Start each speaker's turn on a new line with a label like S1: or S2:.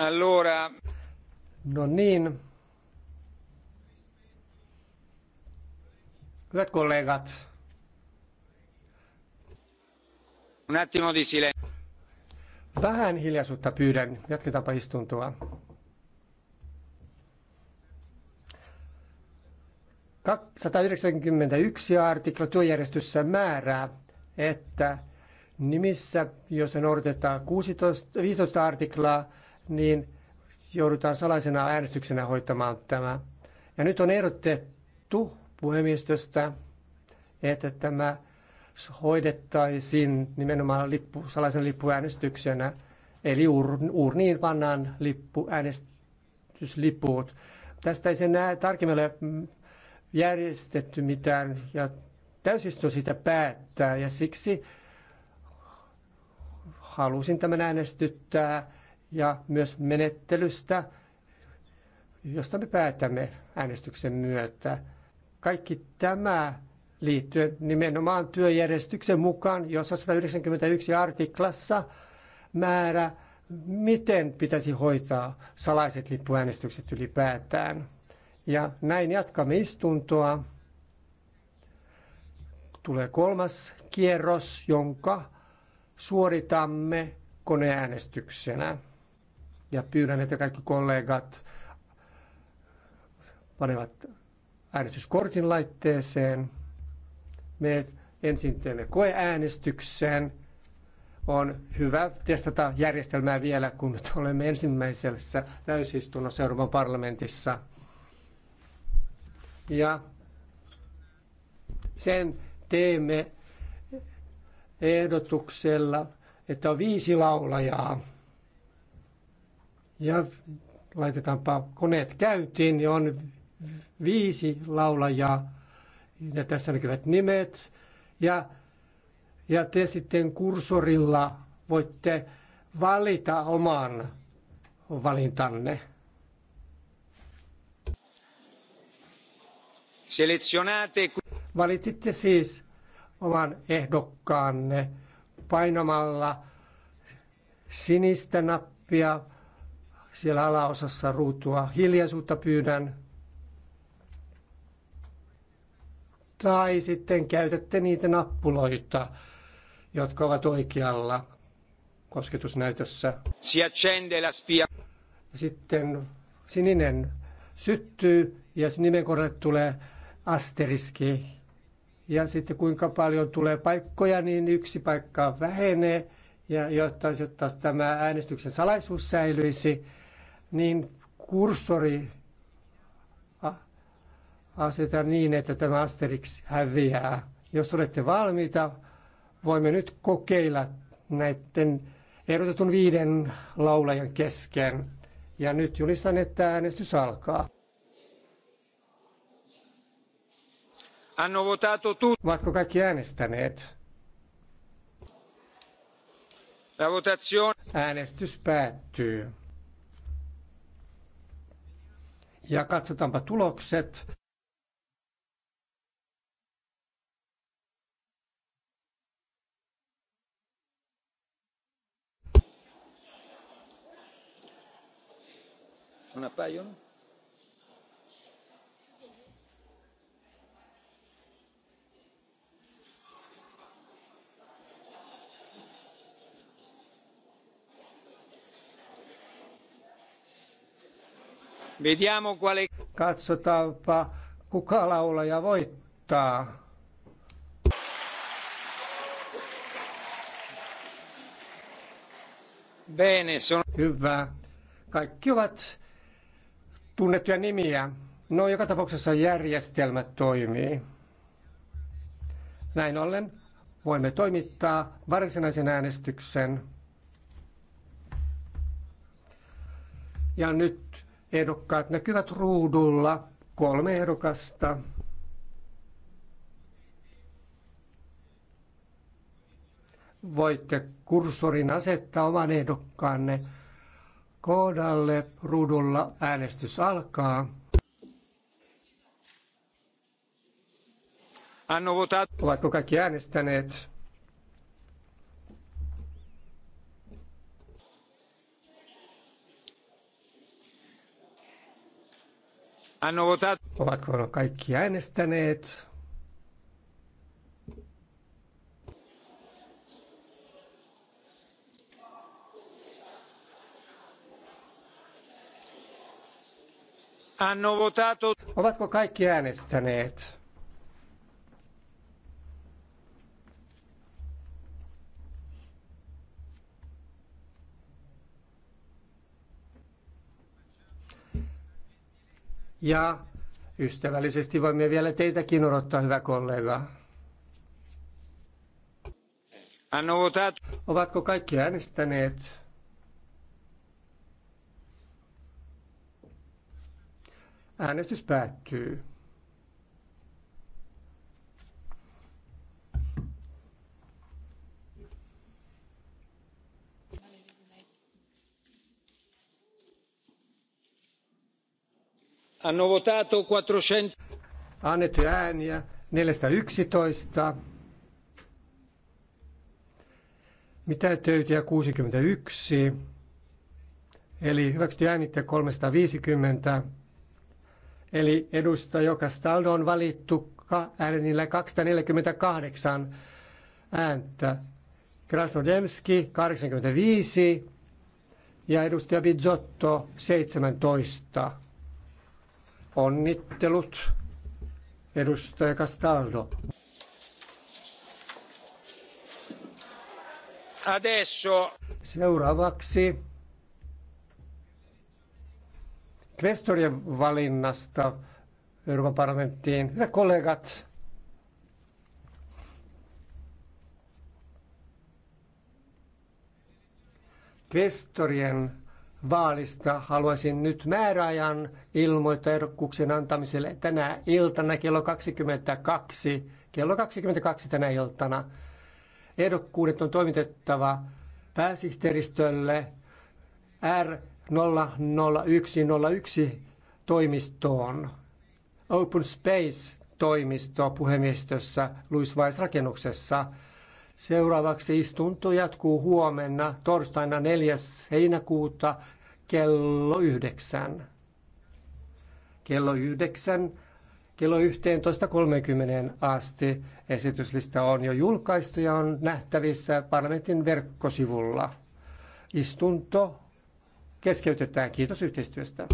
S1: Allora... No niin. Hyvät kollegat. Un attimo di silenzio. Vähän hiljaisuutta pyydän. Jatketaanpa istuntoa. Kak 191 artikla työjärjestyssä määrää, että nimissä, jos noudatetaan 16, 15 artiklaa, niin joudutaan salaisena äänestyksenä hoitamaan tämä. Ja nyt on ehdotettu puhemiestöstä, että tämä hoidettaisiin nimenomaan lippu, salaisena lippuäänestyksenä. Eli urniin uurniin pannaan lippu, äänestysliput. Tästä ei sen tarkemmin ole järjestetty mitään ja täysistö sitä päättää ja siksi halusin tämän äänestyttää ja myös menettelystä, josta me päätämme äänestyksen myötä. Kaikki tämä liittyen nimenomaan työjärjestyksen mukaan, jossa 191 artiklassa määrä, miten pitäisi hoitaa salaiset lippuäänestykset ylipäätään. Ja näin jatkamme istuntoa. Tulee kolmas kierros, jonka suoritamme koneäänestyksenä. Ja pyydän, että kaikki kollegat panevat äänestyskortin laitteeseen. Me ensin teemme koeäänestykseen. On hyvä testata järjestelmää vielä, kun nyt olemme ensimmäisessä täysistunnossa Euroopan parlamentissa. Ja sen teemme ehdotuksella, että on viisi laulajaa ja laitetaanpa koneet käyntiin, niin on viisi laulajaa, ja tässä näkyvät nimet, ja, ja te sitten kursorilla voitte valita oman valintanne. Selezionate. Valitsitte siis oman ehdokkaanne painamalla sinistä nappia siellä alaosassa ruutua. Hiljaisuutta pyydän. Tai sitten käytätte niitä nappuloita, jotka ovat oikealla kosketusnäytössä. Si accende la spia. Sitten sininen syttyy ja nimen kohdalle tulee asteriski. Ja sitten kuinka paljon tulee paikkoja, niin yksi paikka vähenee. Ja jotta, jotta tämä äänestyksen salaisuus säilyisi, niin kurssori aseta niin, että tämä Asterix häviää. Jos olette valmiita, voimme nyt kokeilla näiden erotetun viiden laulajan kesken. Ja nyt julistan, että äänestys alkaa. Hanno votato Ovatko kaikki äänestäneet? La votazione. Äänestys päättyy. ja katsotaanpa tulokset. Una paio? Vediamo quale... Katsotaanpa, kuka laulaja voittaa. Bene, son... Hyvä. Kaikki ovat tunnettuja nimiä. No, joka tapauksessa järjestelmä toimii. Näin ollen voimme toimittaa varsinaisen äänestyksen. Ja nyt Ehdokkaat näkyvät ruudulla, kolme ehdokasta. Voitte kursorin asettaa oman ehdokkaanne koodalle. Ruudulla äänestys alkaa. Ovatko kaikki äänestäneet? Ovatko kaikki äänestäneet? Ovatko kaikki äänestäneet? Ja ystävällisesti voimme vielä teitäkin odottaa, hyvä kollega. Ovatko kaikki äänestäneet? Äänestys päättyy. Hanno votato 400. Annettuja ääniä 411. Mitä töytiä 61. Eli hyväksytty äänittä 350. Eli edusta edustaja Castaldo on valittu äänillä 248 ääntä. Krasnodemski 85 ja edustaja Bizzotto 17. Onnittelut, edustaja Castaldo. Adesso. Seuraavaksi kvestorien valinnasta Euroopan parlamenttiin. Hyvät kollegat, kvestorien vaalista haluaisin nyt määräajan ilmoittaa ehdokkuuksien antamiselle tänä iltana kello 22. Kello 22 tänä iltana. Ehdokkuudet on toimitettava pääsihteeristölle R00101 toimistoon. Open Space toimisto puhemiestössä Louis Vais rakennuksessa Seuraavaksi istunto jatkuu huomenna torstaina 4. heinäkuuta kello 9. Kello 9 kello 11.30 asti. Esityslista on jo julkaistu ja on nähtävissä parlamentin verkkosivulla. Istunto keskeytetään. Kiitos yhteistyöstä.